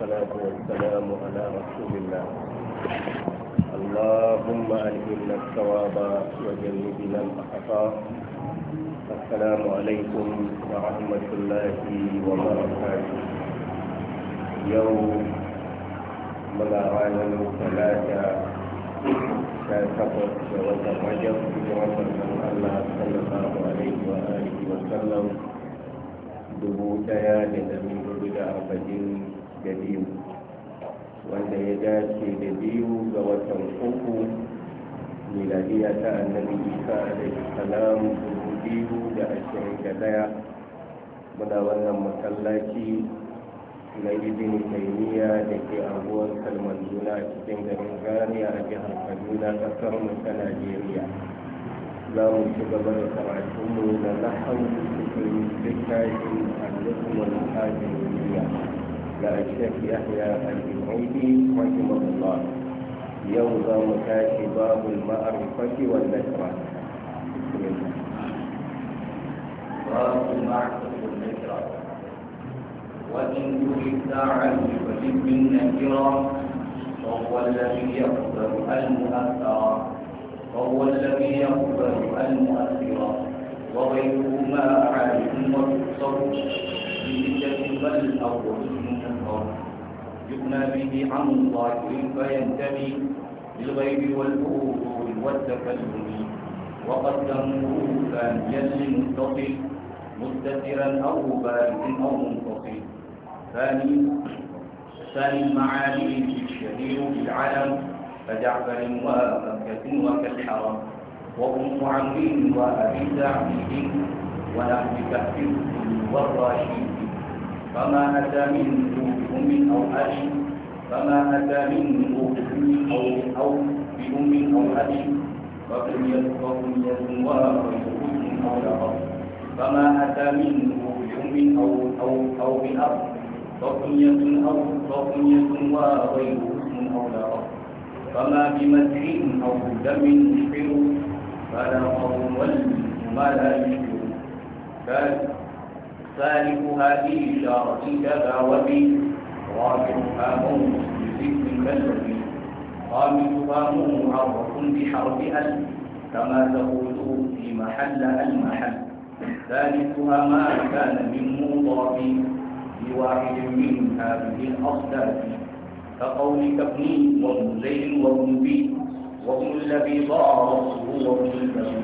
والصلاة والسلام على رسول الله اللهم ألهمنا الثواب وجنبنا الأخطاء السلام عليكم ورحمة الله وبركاته يوم ملارانا ثلاثة شاكبت وزر رجب برسول الله صلى الله عليه وآله وسلم dubu daya da dari hudu da arba'in da biyu wanda ya dace da biyu ga watan uku miladiya ta annabi isa da salam dubu biyu da ashirin da daya muna wannan masallaci na izin taymiya da ke anguwar kalmar juna cikin garin gani a jihar kaduna ƙasarmu mu ta najeriya za mu ci gaba da karatunmu na nahau cikin littafin al-lukman hajjin للشيخ يحيى الجمعيدي رحمه الله يوضع مكاش باب المعرفة والنشرة بسم الله باب المعرفة والنشرة وإن تريد عن فجب النكرة فهو الذي يقبل المؤثرة فهو الذي يقبل المؤثرة وغيرهما عالم ويقصر في بل الأول يغنى به عن الظاهر فينتمي للغيب والفضول والتكلم وقد تنوه ثانيا للمتصل مستترا او بارد او منفصل ثاني ثاني المعاني الشهير بالعلم كجعفر ومكة وكالحرم وأم عمرو وأبي سعيد ونحو كهف والراشد فما أتى منه بأم أو أب فما أتى منه بأم أو أو بأم أو أب ولا وغيرهم أو لقب فما أتى منه بأم أو أو أو بأب وبنية أو ولا وغيرهم أو لقب فما بمدح أو دم يشبه فلا قوم ولا لا ثالثها في شارتها وبي رابعها موت بذكر بلدي خامسها معرف بحرف أل كما تقول في محل المحل ثالثها ما كان من مضاف بواحد من هذه الأصداف كقولك ابن وابن زيد وابن بي وابن الذي ضاع رأسه وابن الذي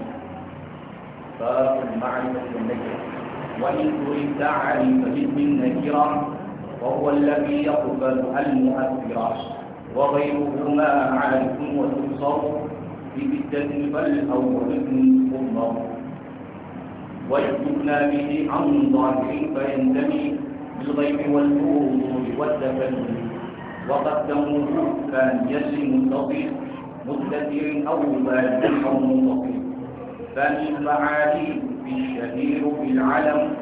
فالمعرفة النجاح وإن تريد علي فجد نكرا وهو الذي يقبل المؤثرا وغيرهما عليكم وتنصر ببدة بل أو إذن تنصر به عن ظاهر فينتمي بالغيب والنور والتفنن تموت كان يسلم متصل مدثر أو بالغ أو منتصف بني فعالي في بالعلم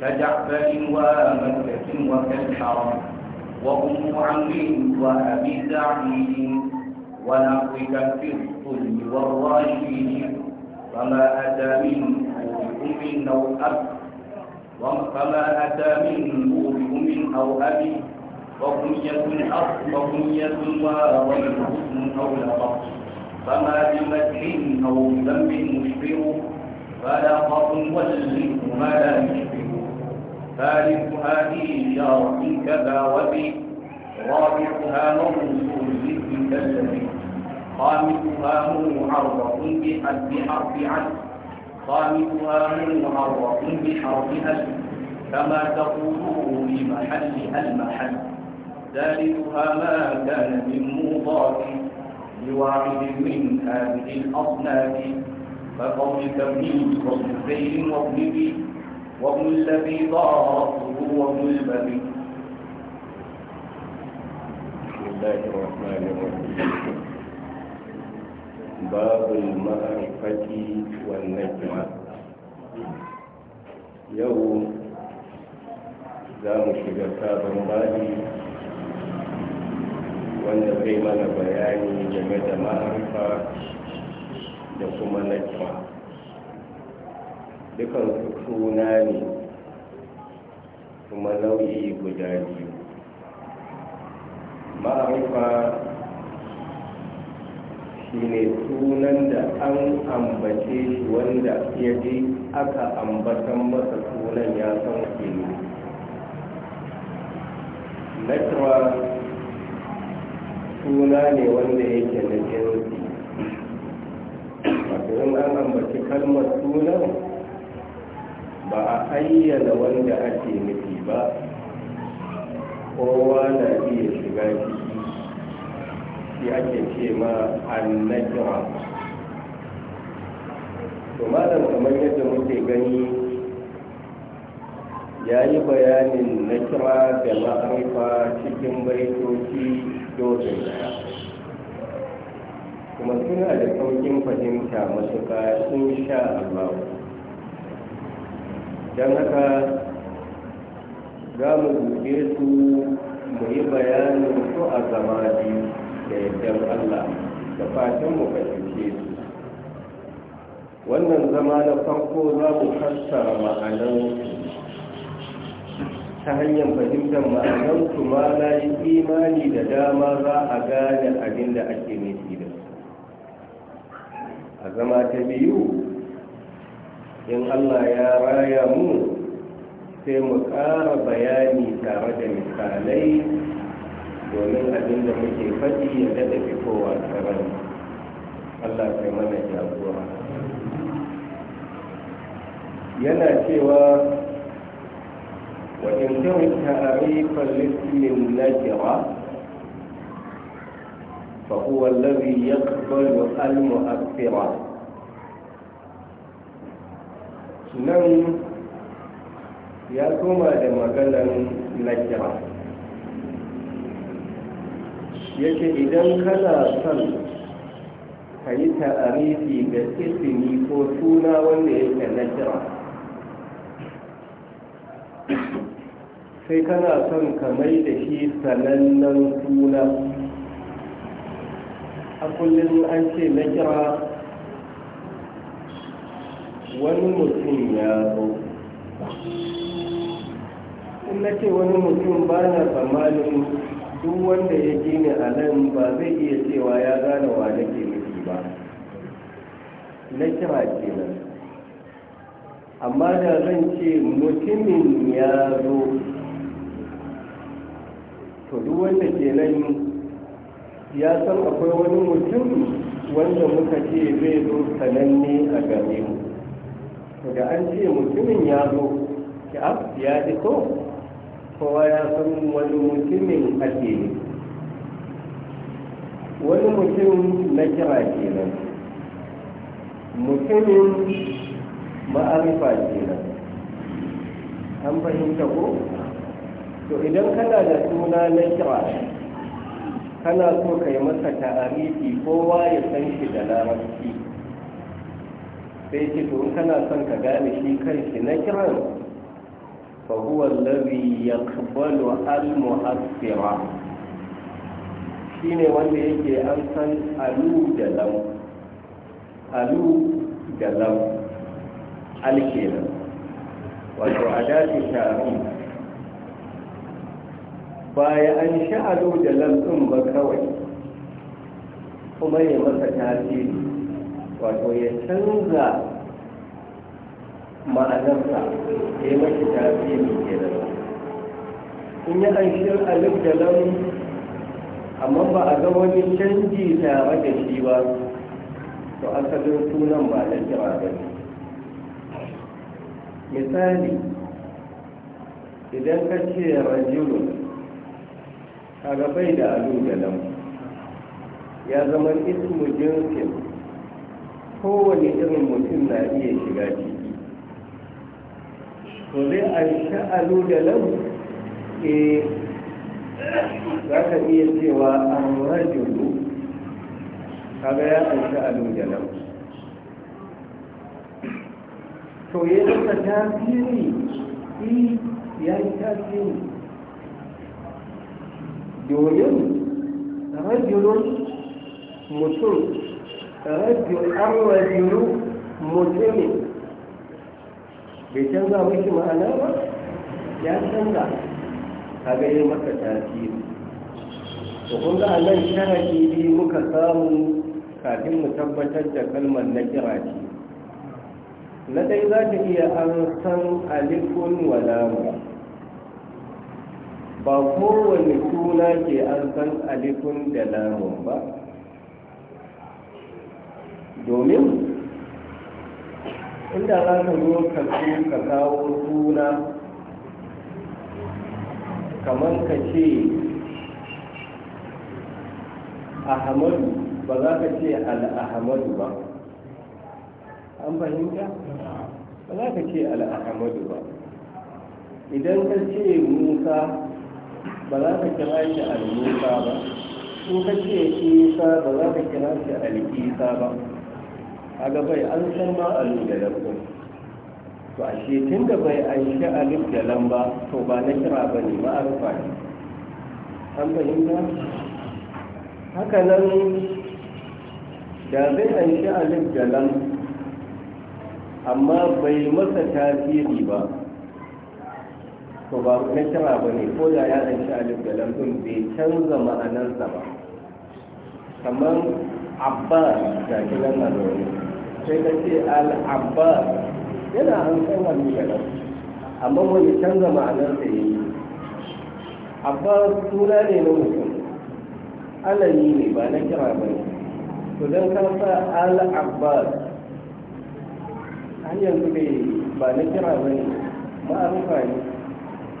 كجعفر ومكة وكالحرم وأم عمرو وأبي سعيد ونحو كفر الظلم والراشدين فما أتى منه بأم أو أب فما أتى منه بأم أو أبي وكنية أصل وكنية وغير حسن أو لقب فما بمدح أو ذنب مشبه فلا قط والذنب ما لا يشبه ثالثها إشارة كذا وبي رابعها موصول مثل كذب خامسها معرف بحد حرف عن خامسها معرف بحرف هل كما تقوله في محل المحل ثالثها ما كان من مضاف لواحد من هذه الأصناف فقول تمييز وابن زيد وابن بي وابن الذي ضارته وابن البدي بسم الله الرحمن الرحيم باب المعرفة والنجمة يوم za mu shiga wanda zai mana bayani game da ma'arifa da kuma nakira dukan suna ne kuma nau'i guda biyu ma'arifa ne sunan da an ambace shi wanda ya ji aka ambatan masa sunan ya san ne. nakira suna ne wanda yake na jinsi wato in an ambaci kalmar sunan ba a ayyana wanda ake nufi ba kowa na iya shiga ciki shi ake ce ma annajira to malam kamar yadda muke gani ya yi bayanin kira da ma'arifa cikin baitoci jojin daya kuma suna da saukin fahimta matuƙa sha Allah don haka za mu buɗe su mu yi bayanin su a zama biyu da yadda Allah da fatan mu fahimce su wannan zama na farko za mu ma'anan ma'anar ta hanyar fahimtar ma'anar su ma na yi imani da dama za a gane abin da ake nufi da su a zama ta biyu in allah ya raya mu sai mu ƙara bayani tare da misalai domin abin da muke faɗi ya daɗa fitowa tsaron allah sai mana jagora yana cewa وإن كان تعريف الاسم النكرة فهو الذي يقبل المؤثرة نم ya koma da maganan nakira yake idan kana son ka yi ta'arifi ga isini ko suna wanda yake nakira sai kana son ka mai da shi sanannen suna a kullum an ce na kira wani mutum ya zo in na ce wani mutum ba na tsammanin duk wanda ya gini a nan ba zai iya cewa ya gane wa nake nufi ba na kira kenan amma da zan ce mutumin ya zo to duk wanda ke nan ya san akwai wani mutum wanda muka ce zai zo sananne a gare mu to da an ce mutumin ya zo ya ji ko kowa ya san wani mutumin ake ne wani mutum na kira kenan mutumin ma'arifa kenan an fahimta ko to idan kana da suna na kira kana so ka yi masa tarihi kowa ya san shi da larabci sai ce to kana son ka gane shi kan shi na kiran fa huwa allazi yaqbalu al muhassira shine wanda yake an san alu da lam alu da lam al kenan wato adatu baya an sha'alu da lamɗin ba kawai kuma ya masa tasiri wato ya canza ma'anarsa ya mashi tasiri ke da in yi an shir'alif da lam amma ba a ga wani canji tare da shi ba to asalin sunan ba da jama'a ba misali idan ka ce rajulun kaga bai da alu da nan. ya zama ismu jinsin kowane irin mutum na iya shiga ciki to zai an sha'alu da nan? e eh, za ka iya cewa an rajulu kaga ya an sha'alu da lam to ya zama tasiri eh, ya yi tasiri domin rajulun mutum an rajulu mutumin bai canza mashi ma'ana ba ya canza a gare maka tasiri to kun ga a nan biyu muka samu kafin mu tabbatar da kalmar na kira ce na ɗai za ta iya an san alifun walamu ba kowane suna ke an san alifun da lamun ba domin inda za ka zo ka su ka kawo suna kamar ka ce ahamadu ba za ka ce al'ahamadu ba an fahimta ba za ka ce al'ahamadu ba idan ka ce musa ba za ka kira shi al-musa ba in ka ce isa ba za ka kira shi al-isa ba a bai an san ma alu da lambu to a tun da bai an shi alif da ba, to ba na kira ba ne ma'arufa ne an fahimta haka nan da zai an shi alif da amma bai masa tasiri ba to ba na kira ba ne ko da ya ɗanci alif da lambun bai canza ma'anarsa ba kamar abba da kiran a zaune sai ka ce al'abba yana an san wani da amma wani canza ma'anarsa ya yi abba suna ne na mutum alayi ne ba na kira ba ne to don kansa al'abba an yanzu bai ba na kira ba ne ma'arufa ne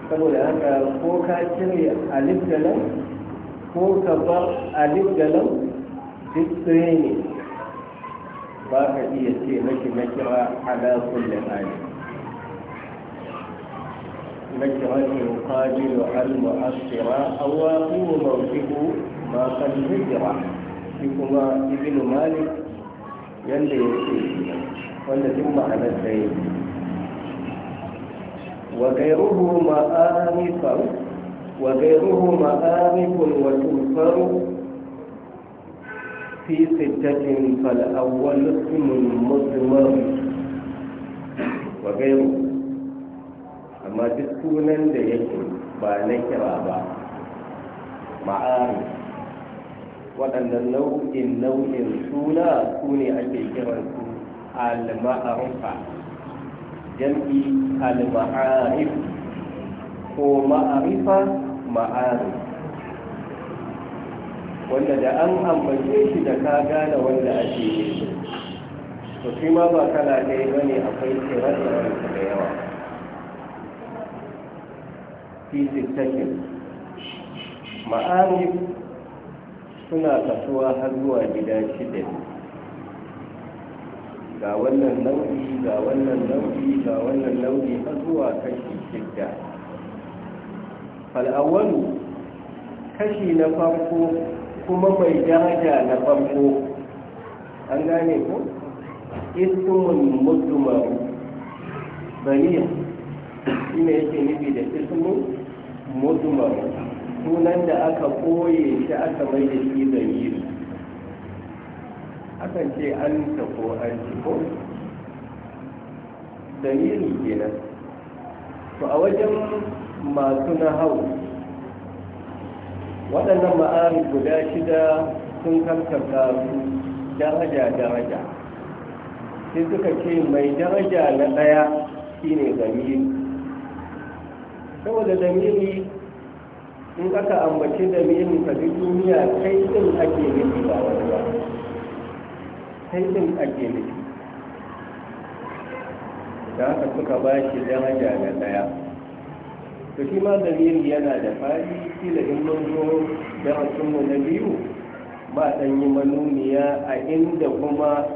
saboda haka ko ka cire alif da lam ko ka bar alif da lam duk tsaye ne ba ka iya ce mashi makira ala kulli hali nakira ne yuqabilu al mu'assira aw waqi'u mawqifu ma qad hijra shi kuma ibnu malik yanda yake wanda duk ma'anar da yake وغيره مآنف وغيرهما آنف وتنفر في ستة فالأول اسم مضمر وغيره أما تسكونا ليكن بانكرا با معارف waɗannan nau'in nau'in suna su ne ake kiransu ما أرفع jam'i al-ma'arif ko ma'arifa ma'arif wanda da an ambace shi da ka gane wanda ake yi to shi ma ba kala ɗaya ba ne akwai tsirar da yawa fi sittakin ma'arif suna kasuwa har zuwa gida shida ne ga wannan nau'i ga wannan nau'i ga wannan nau'i har zuwa kashi shidda fal'awwalu kashi na farko kuma mai daraja na farko an gane ko ismun mudmaru baniya shi ne yake nufi da ismun mudmaru sunan da aka koye shi aka mai da shi zamiri akan ce an ta ko an ci ko dalili kenan to a wajen masu na hau waɗannan ma'ari guda shida sun karkata su daraja-daraja sai suka ce mai daraja na ɗaya shine zamiri saboda zamiri in aka ambaci damiri ka duniya kai din ake nufi ba wani ba sai ɗin ake nufi da aka suka ba shi daraja da ɗaya to shi ma zamiri yana da fari kila in mun zo darasinmu na biyu ba ɗan yi manuniya a inda kuma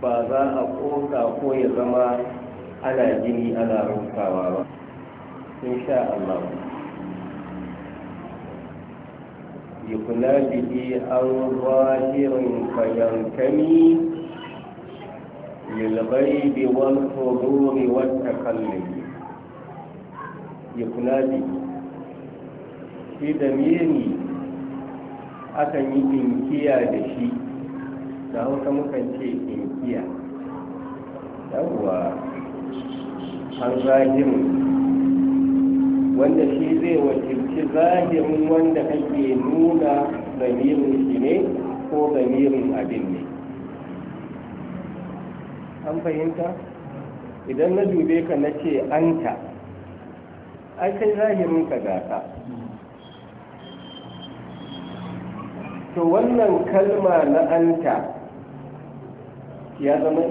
ba za a ƙosa ko ya zama ana jini ana rukawa ba sha Allah يكنا به أو ظاهر فينتمي للغيب والحضور والتكلم يكنا به في دميري akan yi inkiya da shi da hausa mukan ce inkiya yawwa har zahirin wanda shi zai wakilci zahirin wanda ake nuna zamirin shi ne ko zamirin abin ne an fahimta idan na dube ka na ce anta ai kai zahirin ka gata to wannan kalma na anta ya zama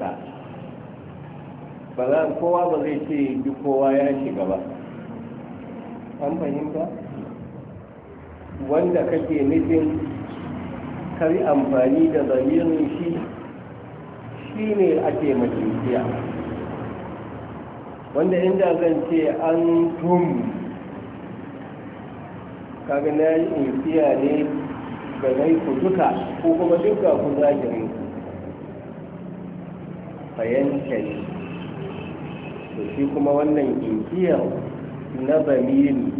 ka. ba za kowa ba zai ce duk kowa ya shiga ba an fahimta wanda kake nufin kari amfani da zamirin shi shi ne ake majalisiya wanda inda zan ce an tum kaga na yi insiya ne ga na yi duka ko kuma duka ku zagirin ku shi shi kuma wannan inkiyar na zamiri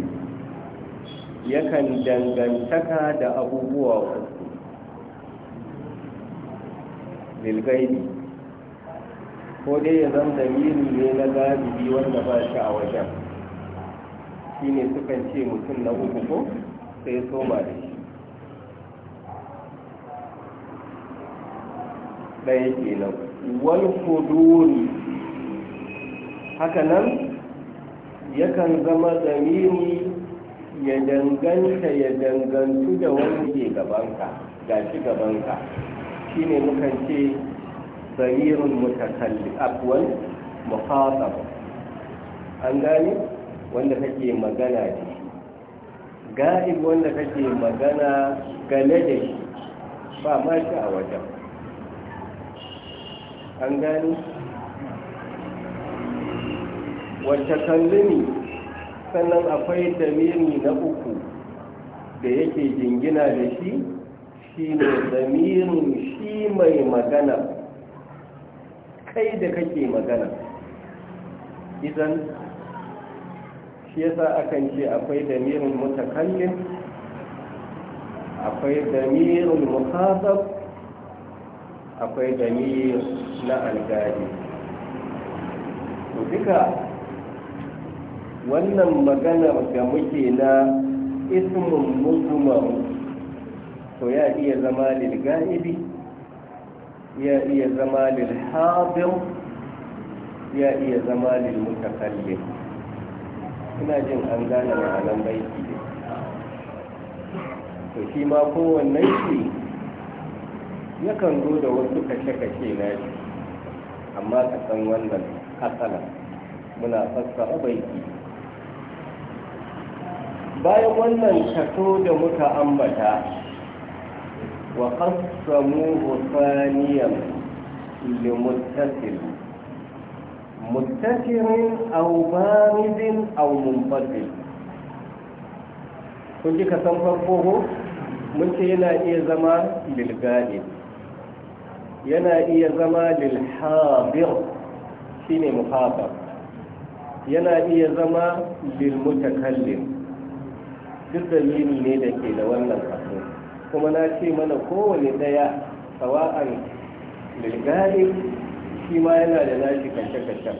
yakan dangantaka da abubuwa uku bilgaini ko dai ya zan zamiri ne na galibi wanda ba shi a wajen shi ne sukan ce mutum na uku ko sai soma da shi ɗaya ke nan wani haka nan yakan zama zamiri ya danganta ya dangantu da wanda ke gabanka ga shi gabanka shi ne mukan ce zamirin mutakalli akwai mafasar an gani wanda kake magana da shi ga'ib wanda kake magana gane da shi ba ma shi a wajen an gani kallini sannan akwai damiri na uku da yake jingina da shi shi ne damirin shi mai magana kai da kake magana idan shi yasa akan ce akwai damirin mutakallin akwai damirin mukhasab akwai damir na algari to duka wannan maganar da muke na ismin musulman to ya iya zama lilga'ibi ya iya zama lilhabin ya iya zama lilmutakallin ina jin an gane ma'anan baiki ne to shi ma kowanne shi yakan zo da wasu kashe-kashe na shi amma ka san wannan asalan muna fassara baiki bayan wannan kaso da muka ambata wa qasamu thaniyan li muttasil muttasirin aw baridin aw munfasil kun ji kasan farko ko mun ce yana iya zama lil yana iya zama lil habir shine yana iya zama lil mutakallim duk dalili ne da ke da wannan kaso kuma na ce mana kowane ɗaya sawa'an lilgari shi ma yana da nashi kashe kashe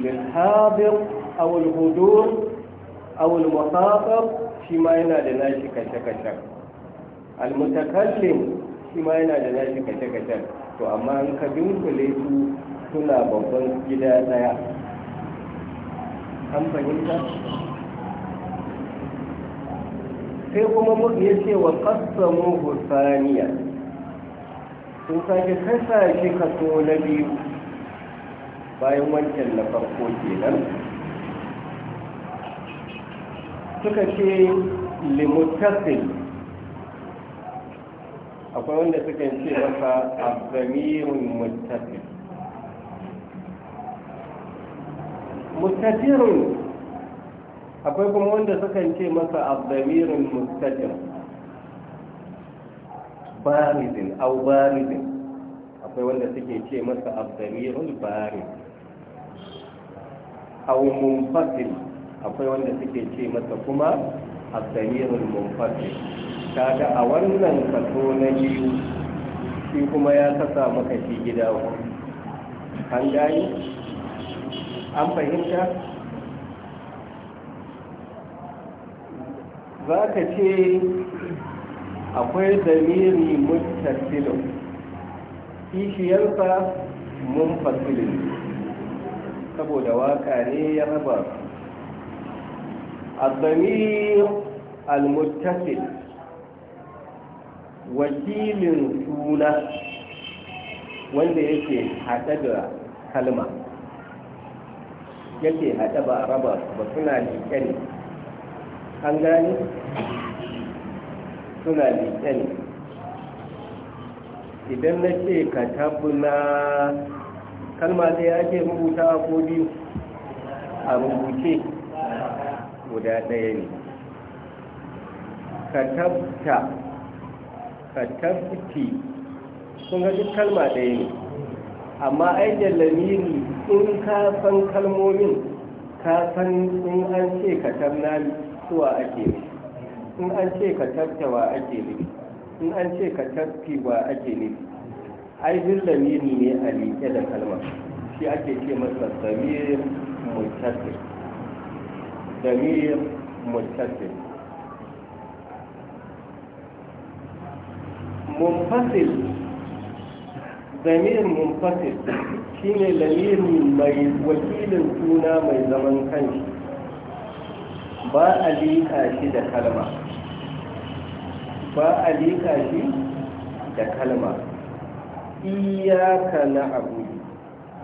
lilhabir awul hudur awul musafar shi ma yana da nashi kashe kashe almutakallin shi ma yana da nashi kashe kashe to amma an ka dunkule su suna babban gida ɗaya an fahimta sai kuma ya ce wa ƙasamu hussaniya sun sake kasa shi kaso na biyu bayan wancan na farko kenan suka ce limutasil akwai wanda suka ce masa abdamirun mutasil mutafirun. akwai kuma wanda sukan ce masa abdamirin mustajir barizin au barizin akwai wanda suke ce masa abdamirin barin au munfasil akwai wanda suke ce masa kuma abdamirin munfasil kada a wannan kaso na biyu shi kuma ya kasa maka shi gida an gani an fahimta za ka ce akwai damiri mutasilin kishiyarsa mun fasilin saboda waka ne ya raba A zamirin المتصل wakilin suna wanda yake haɗe da kalma yake haɗe ba a raba ba suna jikin. an suna suna ne idan na ce ka tabbuna kalma sai ake rubuta a ko biyu a rubuce guda ɗaya ne ka tabbta ka tabbti sun ga duk kalma ɗaya ne amma ai da lamiri in kafan kalmomin kafan san in an ce ka tabbna suwa ake ne, in an ce ka tattawa ake nufi in an ce ka tattiwa ake nufi ai dillamiri ne a liƙe da kalmar shi ake ce masa damir mutasir damir mutasir munfasil damir munfasil ne lamiri mai wakilin suna mai zaman kanshi ba a liƙa shi da kalma ba a liƙa shi da kalma iyaka na abu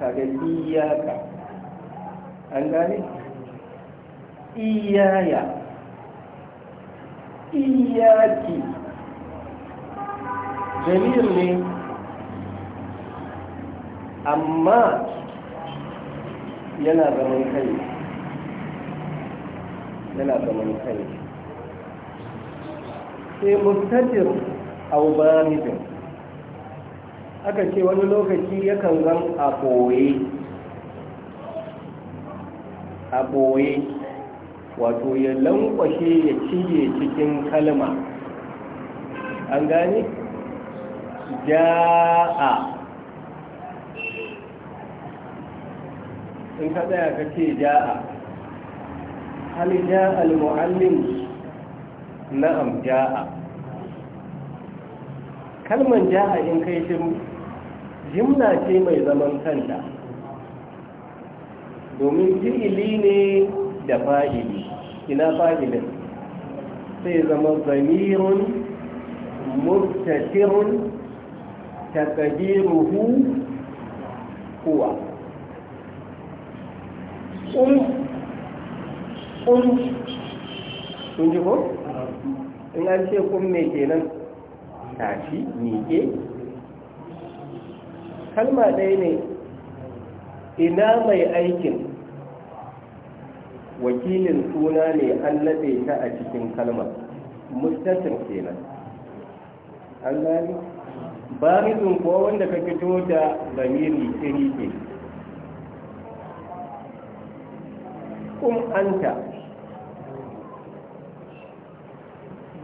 kaga iyaka an gane iyaya iyaki jamil ne amma yana zama kai yana zaman kai sai mustatir aw aka ce wani lokaci yakan zan a boye wato ya lankwashe ya ciye cikin kalma an gani ja'a in ka tsaya ka ce ja'a hal ja'a al-muallim na'am ja'a kalman ja'a in kai shiru jimla ce mai zaman kanta domin fi'ili ne da fa'ili ina fa'ilin sai zama zamirun mubtasirun taqdiruhu huwa um kun ji ko in an ce kun me kenan tashi miƙe kalma ɗaya ne ina mai aikin wakilin suna ne an laɗe ta a cikin kalmar mustatin kenan an gani barizin kuwa wanda ka fito da zamiri iri ke kum anta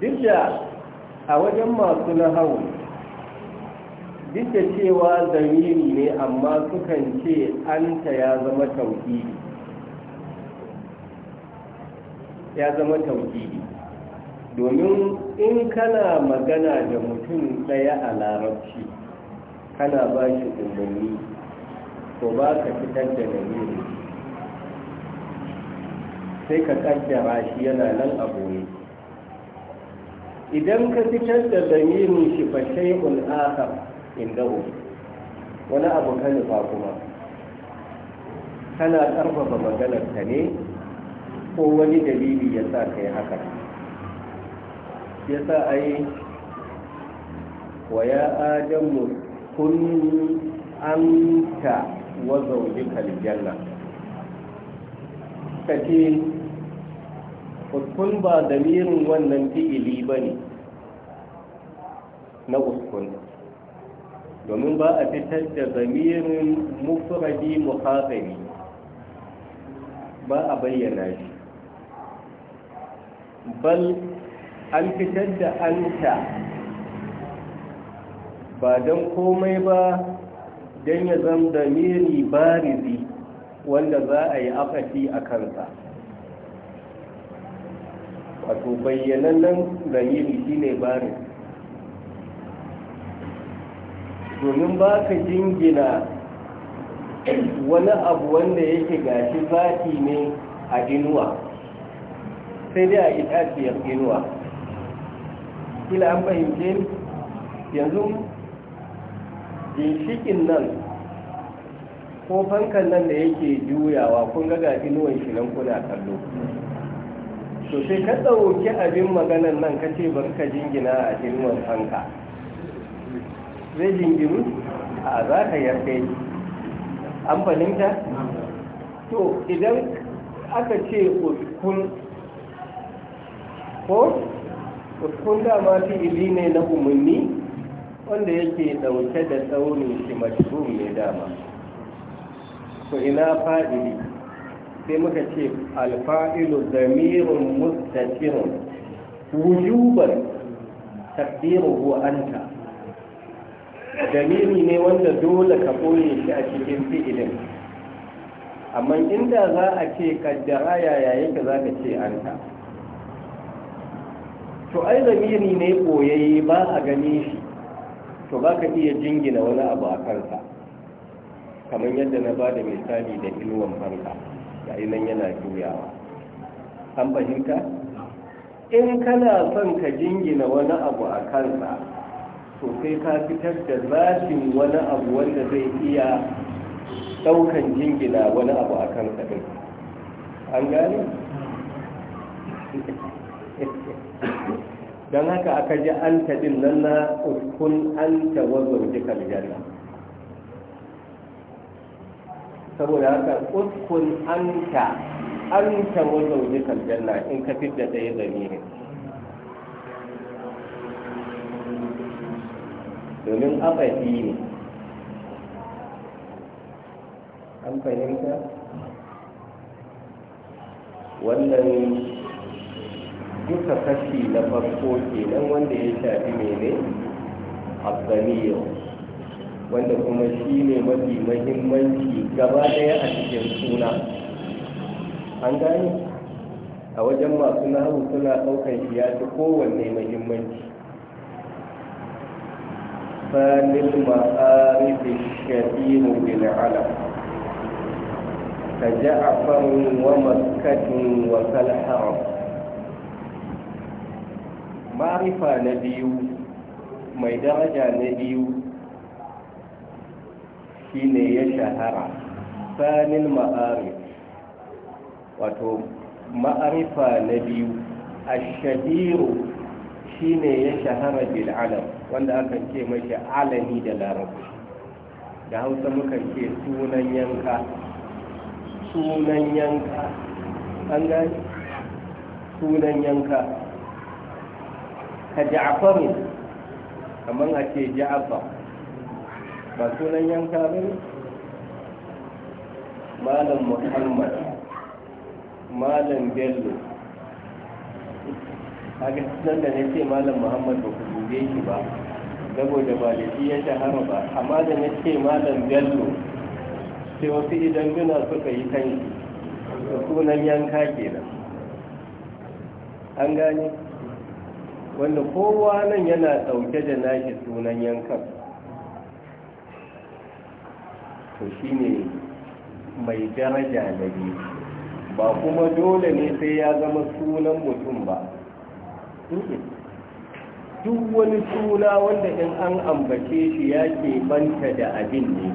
duk a wajen masu na hawa da cewa zamiri ne amma sukan ce an ta ya zama tauhidi ya zama tauhidi domin in kana magana da mutum ɗaya a larabci kana ba shi umarni ko ba ka fitar da zamiri sai ka kaddara shi yana nan a boye idan ka fitar da zamirin shi fa shay'un akhar indahu wani abu ka fa kuma kana karfafa maganar ka ne ko wani dalili ya sa ka haka yasa sa a wa ya adamu kun anta wa zawjika aljanna kace uskun ba damirin wannan fi'ili ba ne na uskun domin ba a fitar da damirin mufradi muhazari ba a bayyana shi bal an fitar da ta, ba don komai ba don ya zama damiri barizi wanda za a yi afashi a kansa wato bayyanannen dalili shine bari domin ba ka jingina wani abu wanda yake gashi zafi ne a inuwa sai dai a itaciyar inuwa kila an fahimce yanzu ginshikin nan ko fankan nan da yake juyawa kun ga inuwan shi nan kuna kallo to sai ka ɗauki abin maganan nan ka ce bari ka jingina a ilmin hanka zai jinginu a za ka yarda an fahimta to idan aka ce uskun ko uskun dama ili ne na umarni wanda yake ɗauke da tsaunin shi mashirin ne dama to ina fa'ili sai muka ce alfa'ilu zamirun mustatirun wujuban takdiruhu anta damiri ne wanda dole ka koye shi a cikin fi'ilin amma inda za a ce kaddara yaya yake za ka ce anta to ai zamiri ne koyayye ba a gane shi to ba ka iya jingina wani abu a kansa kamar yadda na ba da misali da inuwan fanka yayi nan yana juyawa an fahimta in kana son ka jingina wani abu a kansa to sai ka fitar da zafin wani abu wanda zai iya daukan jingina wani abu a kansa din an gane don haka aka ji an din nan na uskun an wazo wazon jikar saboda haka uskun anta anta wazaujikal janna in ka fidda ɗaya ne, domin abadi ne an fahimta wannan duka kashi na farko kenan wanda ya shafi mene yau. wanda kuma shi ne mafi mahimmanci gaba daya a cikin suna an gane a wajen masu nahu suna ɗaukan shi ya fi kowanne mahimmanci sanin ma'arifi shafiru bil alam ka ja'afarun wa maskatun wa kalharam ma'arifa na biyu mai daraja na biyu shine ya shahara sanin ma'arif wato ma'arifa na biyu a shi shine ya shahara bil alam wanda aka ce mashi alami da larabci da hausa muka ce sunan yanka sunan yanka an gani sunan yanka ka ja'farin kamar a ce ja'far ba sunan yanka ba ne malam muhammad malam bello a nan da na ce malam muhammad ba ku dube shi ba saboda ba da shi ya shahara ba amma da na ce malam bello sai wasu idan gina suka yi kan da sunan yanka kenan an gane wanda kowa nan yana ɗauke da nashi sunan yankan to shi ne mai daraja da ne ba kuma dole ne sai ya zama sunan mutum ba duk wani suna wanda in an ambace shi ya ke banta da abin ne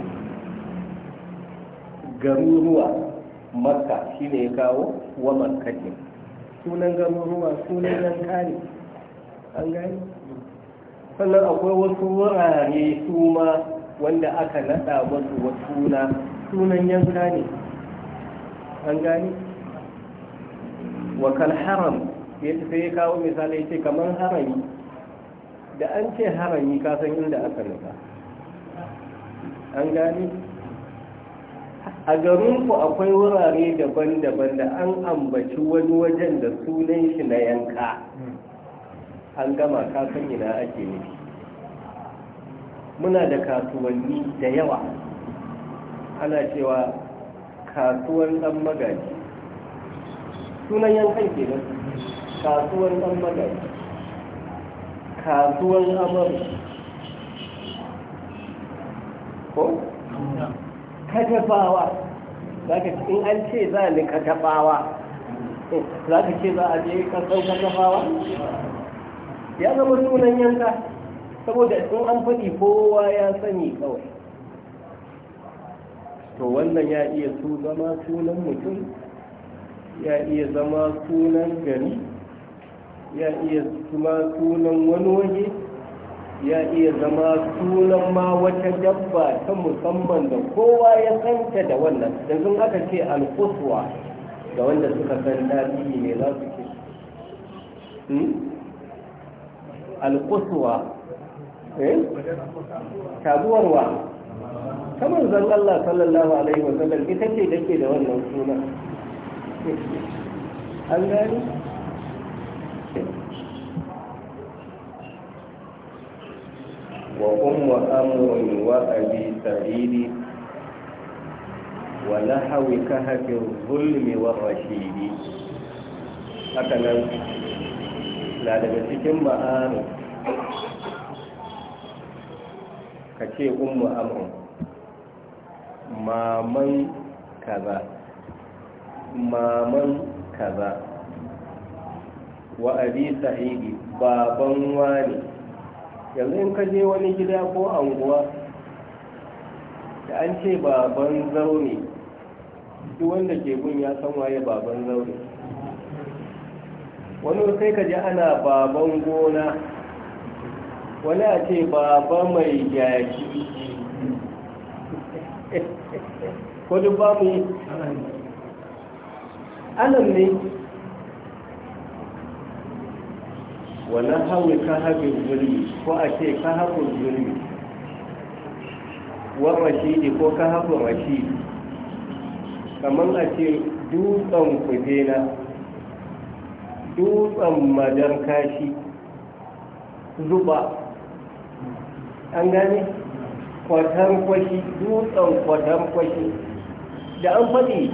garuruwa makka shi ne kawo wa makkatin sunan garuruwa sunan yanka ne an gani sannan akwai wasu wurare su ma wanda aka naɗa masu wasu suna sunan yanka ne an gani wakal haram ya tafi ya kawo misali ya ce kamar harami da an ce harami kasan inda aka nufa an gani a garinku akwai wurare daban-daban da an ambaci wani wajen da sunan shi na yanka an gama kasan ina ake nufi muna da kasuwanni da yawa ana cewa kasuwar ɗan magaji sunan yankan ke nan kasuwar ɗan magaji kasuwar amaru ko? katafawa in an ce za ni katafawa za ka ce za a je kasan katafawa ya zama sunan yanka saboda in an faɗi kowa ya sani kawai to wannan ya iya su zama sunan mutum ya iya zama sunan gari ya iya zama sunan wani waje ya iya zama sunan ma wata dabba ta musamman da kowa ya santa da wannan da sun aka ce alkuswa ga wanda suka san tarihi ne za su ke hmm? alkuswa Eh? taguwarwa kamar zan Allah sallallahu Alaihi wasallam ita ce da ke da wannan suna an gani? wa wa amurin wa abi tsariri wa lahawi ka haƙin zulmi wa rashidi haka nan na daga cikin ma'anu ka ce ummu amru maman kaza maman kaza wa abi sahibi baban wani yanzu in ka je wani gida ko anguwa da an ce baban zaune shi wanda ke gun ya san waye baban zaune wani sai ka je ana baban gona wani a ce baba mai jaki ko duk ba mu yi alam ne wani hawi ka haɓin zuri ko a ce ka haɓin zuri wa rashidi ko ka haɓin rashidi kamar a ce dutsen kujera dutsen Kashi, zuba an gane kwatan kwashi dutsen kwatan kwashi da an faɗi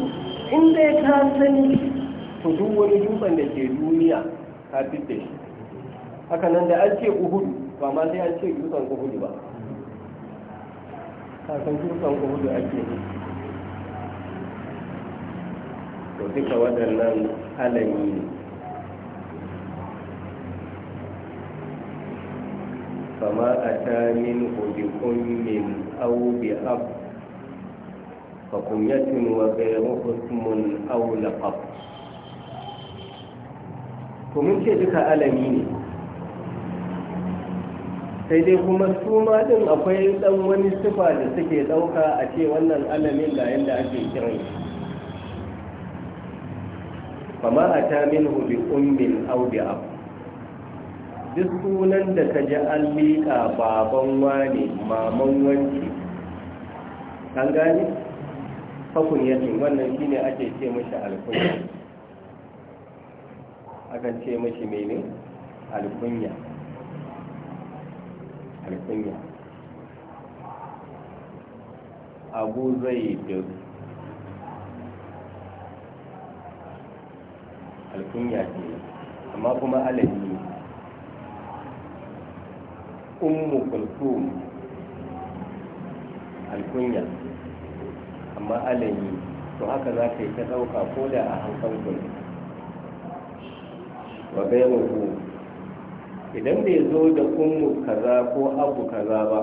inda ya ka sani to duk wani dutsen da ke duniya ka fita shi haka nan da an ce uhudu ba ma sai an ce dutsen uhudu ba kasan dutsen uhudu ake ne to duka waɗannan alami ne فما أتى منه بأم أو بأب فكمية وغيره اسم أو لقب ومن ذلك ألمين sai dai kuma su ma din akwai dan wani sifa da suke dauka a ce wannan alamin da yanda ake kiran shi kama a ta min bi ummin au bi abu duk sunan da ka ji an liƙa baban wani maman wanci an gani yake wannan shine ake ce mashi alkunya akan ce mashi mene alkunya alkunya abu zai duk alkunya ce amma kuma alami ummu kulthum alkunya amma alani to haka za ka yi ta ɗauka ko da a hankalku ne wa gairuhu idan bai zo da ummu kaza ko abu kaza ba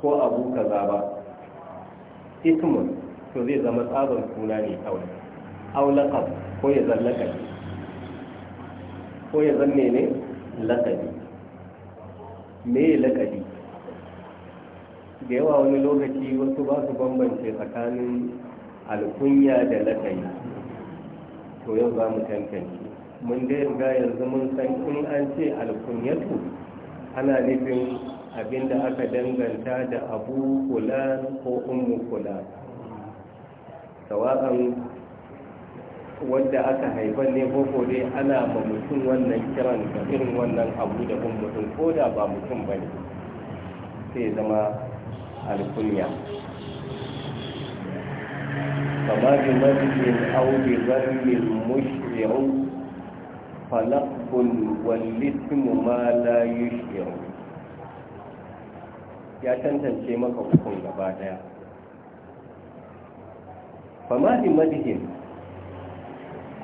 ko abu kaza ba ismun to zai zama tsabar suna ne kawai laqab ko ya zan ko ya zan ne laqabi me lakadi da yawa wani lokaci wasu ba su bambance tsakanin alkunya da lakadi to yau za mu tantance mun dai riga yanzu mun san in an ce alkunyatu ana nufin abin da aka danganta da abu kula ko umu kula sawa'an wanda aka haifar ne koko ne ana ba mutum wannan kiran da irin wannan abu da kun mutum ko da ba mutum ba ne sai zama alkunya kama bi mazibin aure zarmin mushiru falakun wallitimu ma la yushiru ya tantance maka hukun gaba daya kama bi mazikin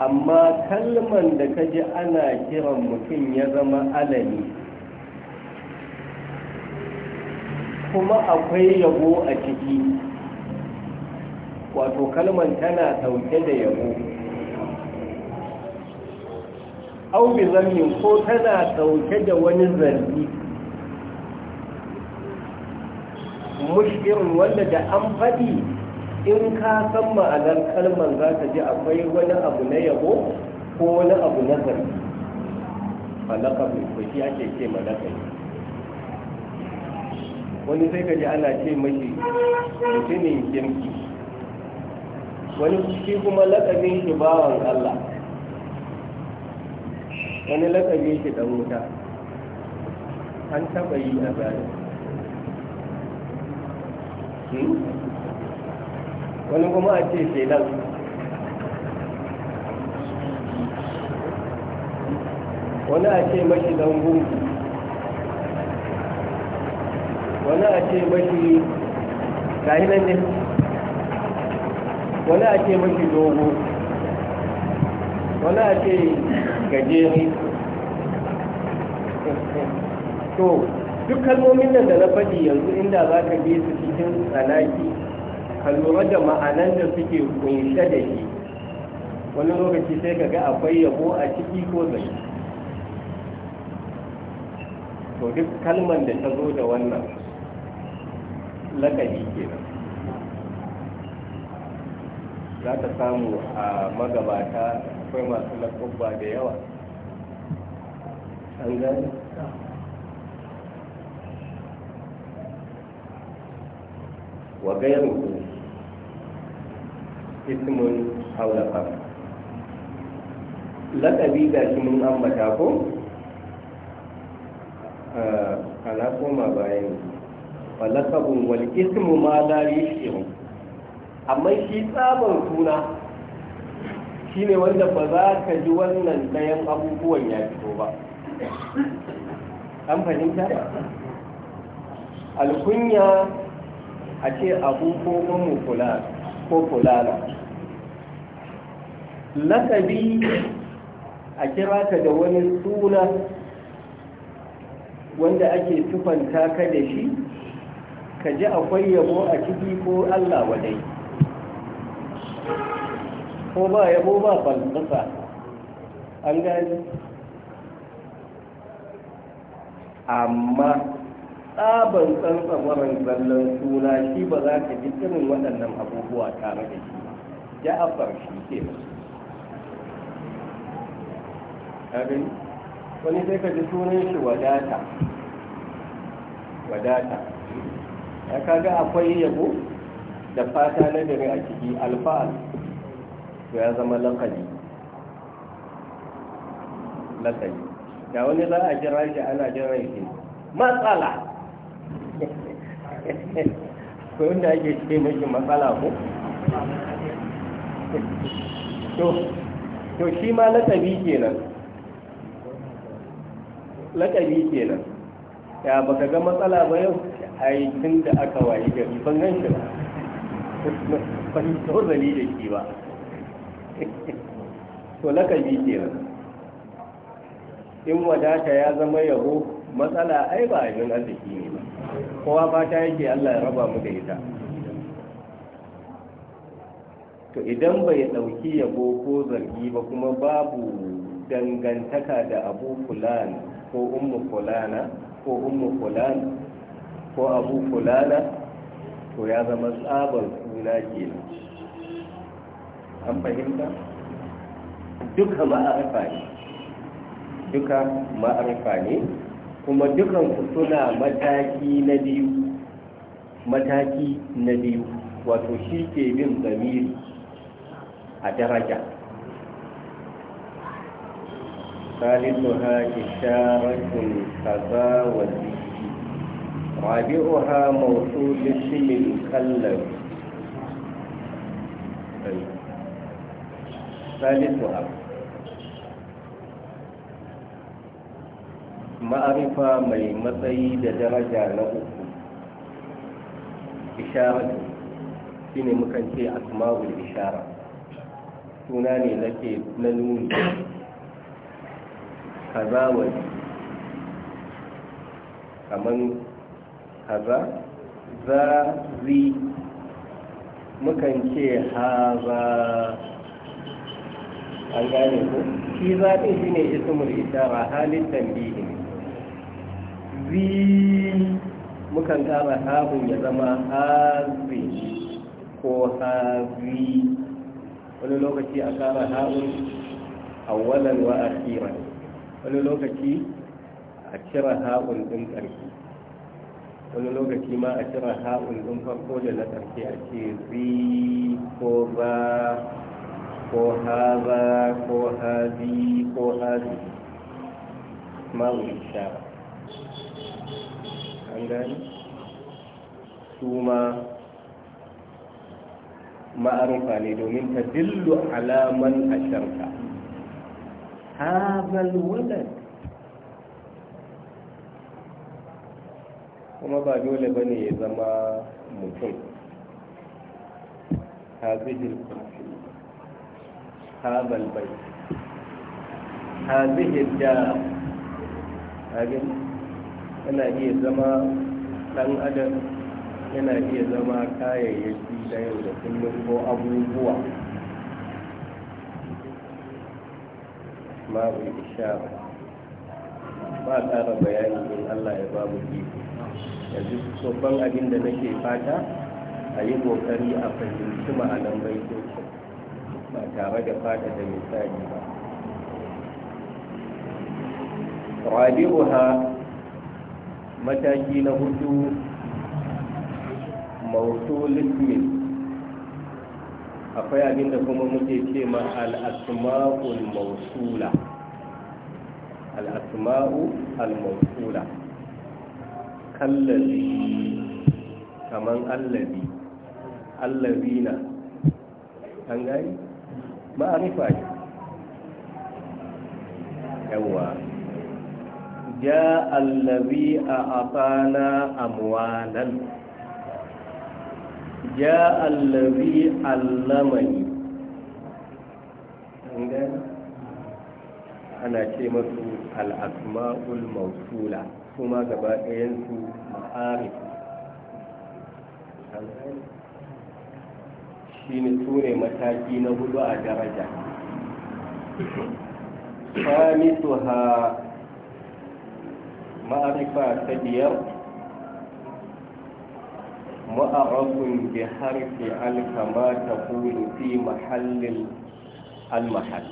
amma kalman da ka ji ana kiran mutum ya zama alami kuma akwai yabo a ciki wato kalman tana dauke da yabo aubi zammin ko tana dauke da wani zargi mushkirin wanda da an faɗi in ka san ma'anar kalmar za ta ji akwai wani abu na yabo ko wani abu na zargi falakabu ko shi ake ce malakai wani sai ka ji ana ce mashi mutumin kimki wani shi kuma lakabin shi bawan Allah wani lakabin shi dan wuta an taɓa yi a zari wani kuma a ce shelan wani a ce mashi dangun wani a ce mashi kahinan ne wani a ce mashi dogo wani a ce ne to duk kalmomin nan da na faɗi yanzu inda za ka bi su cikin tsanaki ka lura da ma'anar da suke kunshe da shi wani lokaci sai ka ga akwai yabo a ciki ko zai to duk kalman da ta zo da wannan lakabi kenan za ta samu a magabata akwai masu lakabba da yawa an gani wa gairu ismun haulaka laƙabi ga shi mun ambata ko ah, ana koma bayan falakabun wal ismu ma la yashirun amma shi tsabar suna shine wanda ba za ka ji wannan ɗayan abubuwan ya fito ba an fahimta alkunya a ce abu ko mu kula ko kulala lakabi a kira ka da wani suna wanda ake tufanta ka da shi ka ji akwai yabo a ciki ko allah wadai ko ba yabo ba falsafa an gani amma tsaban tsantsabarin zallon suna shi ba za ka ji irin waɗannan abubuwa tare da shi ba ja'afar shi ke gani wani sai ka ji sunan shi wadata wadata ya kaga akwai yabo da fata na gari a ciki alfa'al to ya zama lakali lakali da wani za a jira shi ana jira shi matsala ko wanda ake ce mashi matsala ko to shi ma lakabi kenan ke nan, ya ba ka ga matsala ba yau ai tun da aka wayi gari ban gan shi ba ban tozali da shi ba to ke nan. in wadata ya zama yabo matsala ai ba abin arziki ne ba kowa fata yake Allah ya raba mu da ita to idan bai dauki yabo ko zargi ba kuma babu dangantaka da abu fulani ko ummu fulana ko ummu fulana ko abu fulana to ya zama tsabar suna ke nan an fahimta duka ma'arifa ne duka ma'arifa ne kuma dukansu suna mataki na biyu mataki na biyu wato shi ke bin zamiri a daraja ثالثها إشارة كذا وذي رابعها موصول اسم مكلف ثالثها ma'arifa mai matsayi da daraja na uku isharatu shine mukan asma'ul ishara suna ne na kaza wani kaman kaza za zi mukan ce haza an gane ku? shi zaɓin shi ne ismul ishara halin tambihi ne zi mukan kama hahun ya zama hazi ko hazi wani lokaci a kama a awwalan a akhiran wani lokaci a cire ha'un ɗin ƙarfi wani lokaci ma a cire ha'un ɗin farko da na ƙarfi a ce zi ko ba ko ha ba ko ha hazi ko ha hazi ma'ul ba an gani su ma ma'arufa ne domin ta dillu alaman a sharka هذا الولد kuma ba dole ba ne ya zama mutum hazihil kurfi hazal bai hazihil da hagin yana iya zama dan adam yana iya zama kayayyaki da yau kullum ko abubuwa babu ishara ba ƙara bayani in allah ya babu mu Ya yanzu babban abin da nake fata a yi ƙoƙari a fahimci ma'anan baitocin ba tare da fata da misali ba rabi'uha mataki na hudu mausul ismin akwai abin da kuma muke ce ma al'asma'ul mausula al'asma'u al-mausula kallabi kaman allabi allabina an gani ma'arifa ne yawa ja allabi a afana amwalan ya allazi allamani ana ce masu al'asma'ul mausula kuma gaba ɗayansu ma'arif shi ne mataki na hudu a daraja famisu ha ma'arifa ta biyar ma'arafin bi harfi alkama ta kuru fi mahallin almahal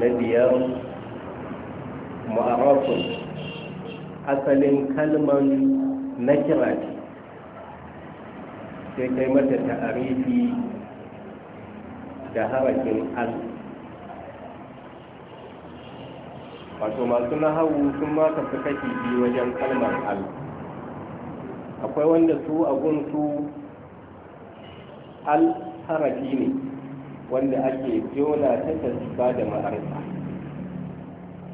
na biyar ma'arafin asalin kalman na kira ce sai kai mata ta da harafin alkama wato masu nahawu sun maka kafi kashi biyu wajen kalmar al akwai wanda su a su al harafi ne wanda ake jona ta tasba da ma'arfa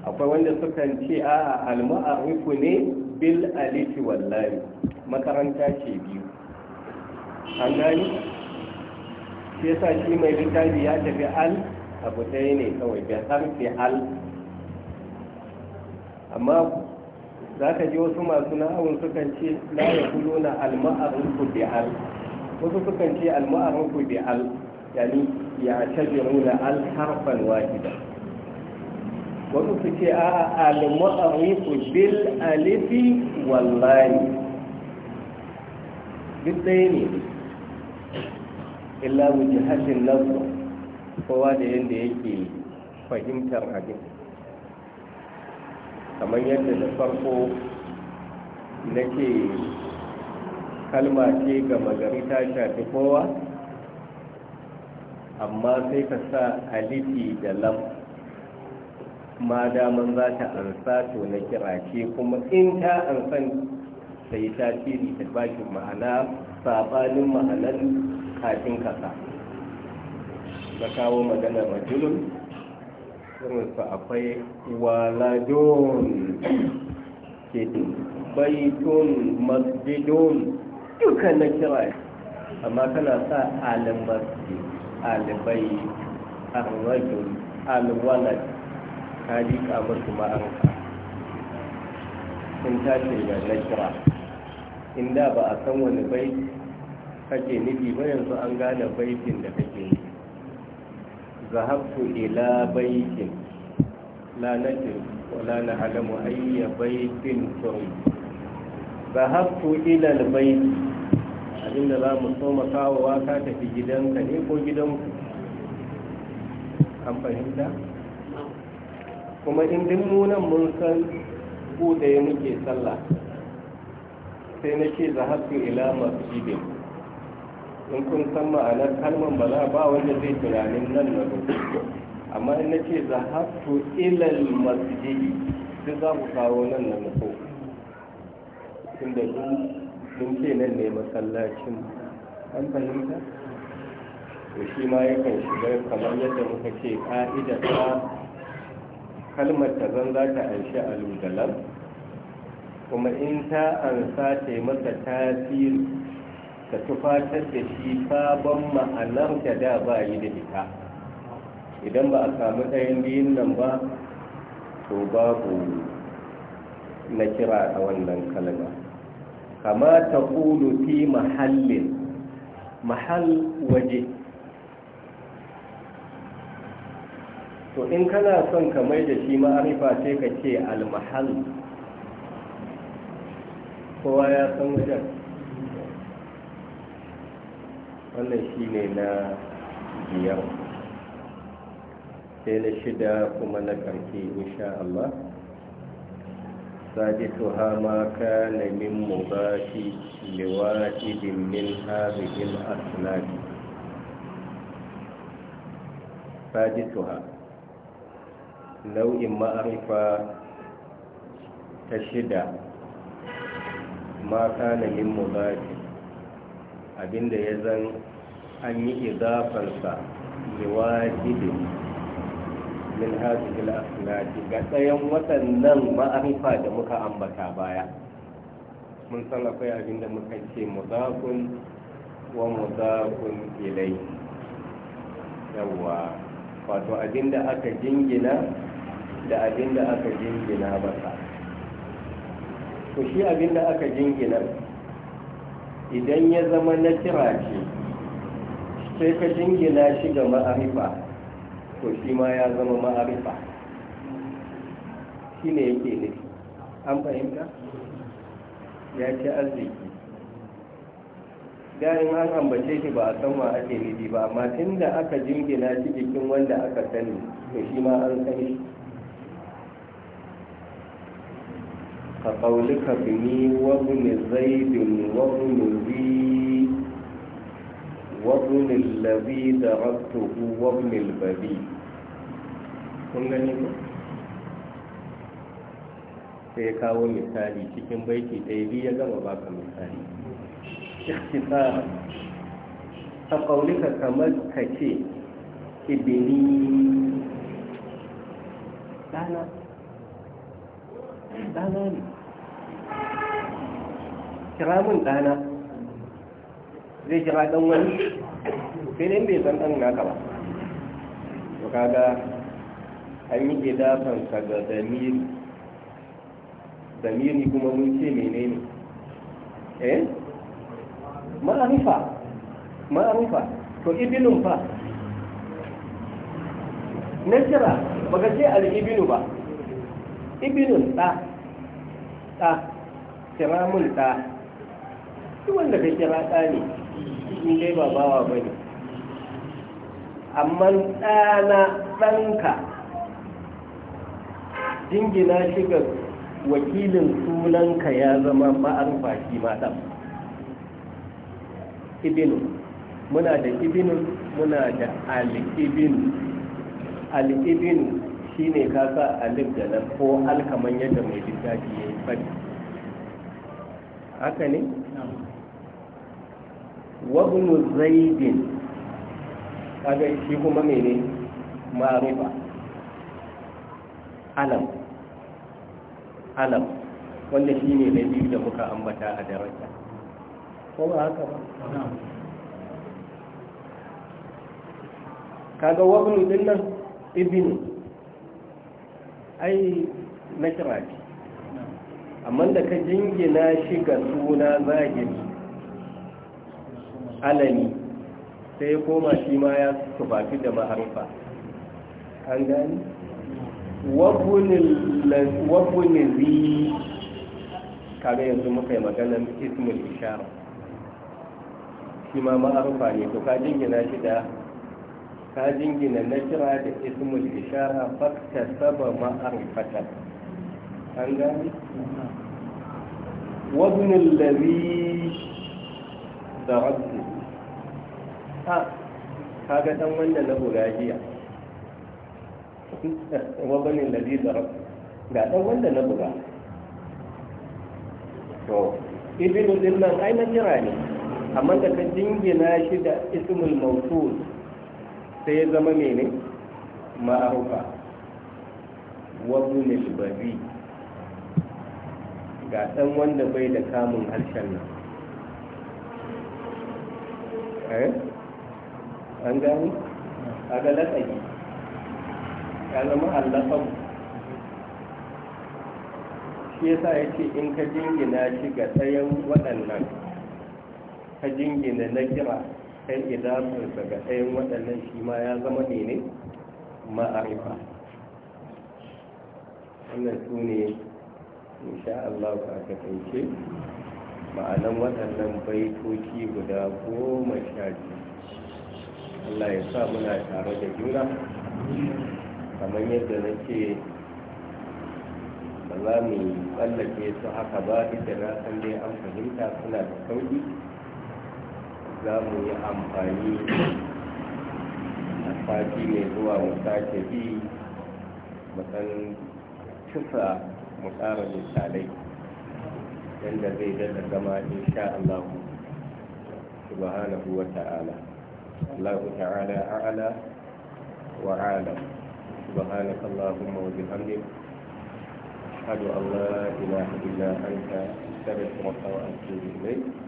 akwai wanda sukan ce a al-ma'arifu ne bil alifi wallahi makaranta ce biyu an gani shi yasa shi mai littafi ya tafi al abu ɗaya ne kawai da harfi al amma za ka ji wasu masu na'awun sukan ce la ya kulo na alma'arun ku bi al wasu sukan ce alma'arun ku bi al yani ya tajiru na al harfan wahida wasu su ce a alma'arun ku bil alifi wallahi duk ɗaya ne illa wuce hashin nasu kowa da yadda yake fahimtar hadin kamar yadda da farko nake kalma ce ga magari ta shafi kowa amma sai ka sa alifi da lam ma daman za ta ansa to na kira ce kuma in ta ansan sai tasiri ta bashi ma'ana sabanin ma'anar kafin kasa na kawo maganar majalun irinsu akwai waladun baitun masjidun dukkan na kira amma kana sa al-masjid al-bai al ta jika masu ma'arka sun tashi da na kira inda ba a san wani bai kake nufi ba yanzu an gane baitin da kake nufi ذهبت ila بيت لا nadri ولا نعلم ayya بيت turim ذهبت ila البيت abinda za mu so makawawa في tafi gidanka ne ko gidanku kuma in din munan mun san ku muke sallah sai na ce zahabtu ila masjidin in kun san ma'anar kalmar za ba wanda zai tunanin nan na zo amma in nace zahabtu ilal masjidi duk za ku kawo nan na nufo tunda sun ce nan ne masallacin an fahimta to shi ma yakan shiga kamar yadda muka ce ka'ida ta kalmar ta zan za ta anshi lugalan. kuma in ta ansa ta masa tasiri ka tufatar da shi sabon ma'anar da da ba yi da ita idan ba a samu ɗayan biyun nan ba to babu na kira a wannan kalma kama ta kulu fi mahallin mahal waje to in kana son ka mai da shi ma'arifa sai ka ce almahal kowa ya san wajen wannan shi ne na biyar sai na shida kuma na ƙarfi sha Allah sajitu ha ma ka nemin mu ba shi lewa idin min harin asinari sajitu ha nau'in ma'arifa ta shida ma ka nemin mu ba shi abinda ya zan an yi izafarsa idafarsa liwajibin min hajjil asnati ga tsayan waɗannan ma'arifa da muka ambata baya mun san akwai abinda muka ce muzakun wa muzakun ilai yawwa wato abinda aka jingina da abinda aka jingina masa ku shi abinda aka jingina idan ya zama na kira ce sai ka jingina shi ga ma'arifa to shi ma ya zama ma'arifa shi ne yake ne an fahimta ya ce arziki garin an ambace shi ba a san wa ake nufi ba amma tun da aka jingina shi jikin wanda aka sani to shi ma an san shi كقولك بني وابن زيد وابن ذي وابن الذي دركته وابن البدي كنا نقول sai kawo misali cikin baiki ɗaya biyu ya gama baka misali ikhtisara a ƙaunika kamar ka ce ibini ɗana ɗana ne kira mun ɗana zai kira ɗan wani sai dai bai san ɗan naka ba to kaga an yi idafansa ga zamiri zamiri kuma mun ce menene eh ma'arifa ma'arifa to ibinun fa na kira baka ce al-ibinu ba ibinun ɗa ɗa kira mun ɗa wanda ka kira ɗa ne in dai ba bawa ba ne amma ɗana ɗanka jingina shi ga wakilin sunanka ya zama ma'an fashi ma ɗan ibinu muna da ibinu muna da al'ibinu al'ibinu shi ne ka sa alif da nan ko alkaman yadda mai littafi ya yi fadi haka ne wabnu zaidin kaga shi kuma mene marifa? alam alam wanda shi ne na biyu da muka ambata a daraja ko ba haka ba kaga wabnu din nan ibnu ai na kira amma da ka jingina shi ga suna zahiri alani sai koma shi ma ya tufafi da maharfa an gani wabunin zi kare yanzu muka yi magana ismul ishara shi ma maharfa ne to ka jingina shi da ka jingina na kira da ismul ishara fakta saba ma'arfatar an gani wazinin lalari da rabu ha kaga dan wanda na burajiya wazinin lalari da rabu ga dan wanda na buga to ibinu din nan ai jira kira ne amma da ka jingina shi da ismul mausul sai ya zama mene ma'arufa wazunil babi ga ɗan wanda bai da kamun harshen nan eh? an gani a ga latsayi ya zama allafan shi yasa ya ce in ka jingina shi ga tsayen waɗannan ka jingina na kira sai idan daga ɗayan waɗannan shi ma ya zama ne ne ma'arifa wannan su ne insha Allah ba ka taice ma'anan waɗannan baitoci guda goma sha biyu Allah ya sa muna tare da juna kamar yadda na ce ba za mu tsallake su haka ba duk da na san dai an fahimta suna da sauƙi za mu yi amfani a sati mai zuwa mu sake bi matsan kisa mu tsara misalai yadda zai daɗa zama insha Allah subhanahu wa ta'ala Allah ta'ala a'ala wa alam سبحانك اللهم وبحمدك أشهد أن لا إله إلا أنت أستغفرك وأتوب إليك